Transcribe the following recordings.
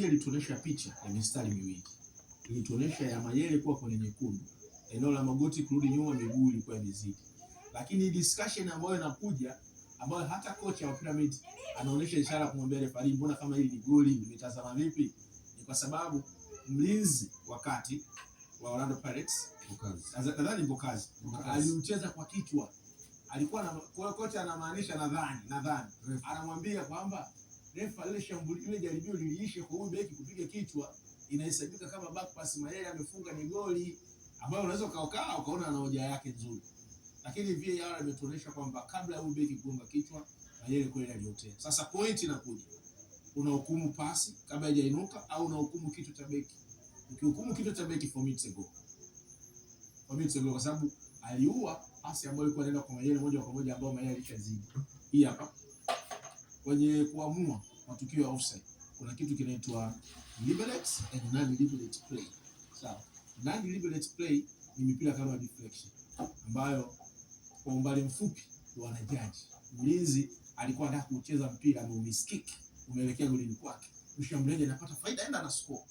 moja ilituonyesha picha ya mistari miwili, ilituonesha ya Mayele kuwa kwenye nyekundu, eneo la magoti kurudi nyuma, miguu ilikuwa imezidi. Lakini discussion ambayo inakuja ambayo hata kocha wa Pyramid anaonyesha ishara kumwambia refari, mbona kama hili ni goli, nimetazama vipi? Ni kwa sababu mlinzi wakati wa Orlando Pirates nadhani Mbokazi alimcheza kwa kichwa, alikuwa na kocha anamaanisha, nadhani nadhani anamwambia kwamba refa, ile shambulio, ile jaribio liliisha kwa huyu beki kupiga kichwa, inahesabika kama back pass, Mayele amefunga, ni goli ambayo unaweza ukaokaa ukaona ana hoja yake nzuri, lakini VAR imetuonyesha kwamba kabla ya huyu beki kugonga kichwa, Mayele kweli aliotea. Sasa point inakuja, unahukumu pasi kabla haijainuka au unahukumu kichwa cha beki? Ukihukumu kichwa cha beki for me it's a goal, for me it's a goal, kwa sababu aliua pasi ambayo ilikuwa inaenda kwa Mayele moja kwa moja, ambayo Mayele alishazidi. Hii hapa kwenye kuamua matukio ya offside, kuna kitu kinaitwa liberate and non-liberate play. Sawa, so, non-liberate play ni mipira kama deflection ambayo kwa umbali mfupi wana judge Mlinzi alikuwa anataka kucheza mpira na umiskiki umeelekea golini kwake, mshambuliaji anapata faida, aenda na score,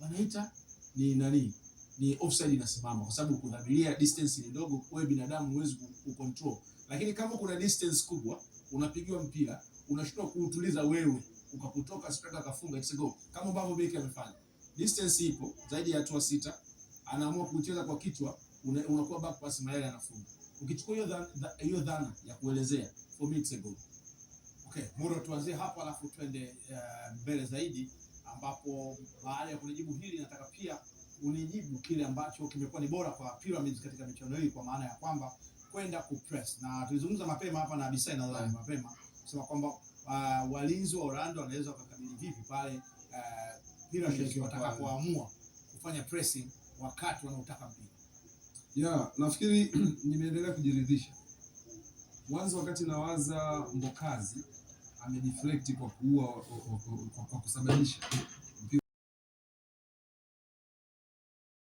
wanaita ni nani? Ni offside inasimama, kwa sababu kudhamiria distance ni ndogo, wewe binadamu huwezi kucontrol, lakini kama kuna distance kubwa unapigiwa mpira unashindwa kuutuliza wewe, ukakutoka striker akafunga, it's a goal, kama ambavyo Beki amefanya. Distance ipo zaidi ya hatua sita, anaamua kucheza kwa kichwa, unakuwa back pass, Mayele anafunga. Ukichukua hiyo hiyo dhana ya kuelezea, for me it's a goal. Okay, Muro, tuanzie hapo alafu twende uh, mbele zaidi, ambapo baada ya kulijibu hili nataka pia unijibu kile ambacho kimekuwa ni bora kwa Pyramids katika michuano hii, kwa maana ya kwamba kwenda kupress, na tulizungumza mapema hapa na Abisai na yeah. mapema kusema kwamba uh, walinzi wa Orlando wanaweza wakakabili vipi pale uh, watakapoamua kufanya pressing wakati wanaotaka mpira. Yeah, nafikiri nimeendelea kujiridhisha mwanzo, wakati nawaza Mbokazi amedeflect kwa kuua kwa kusababisha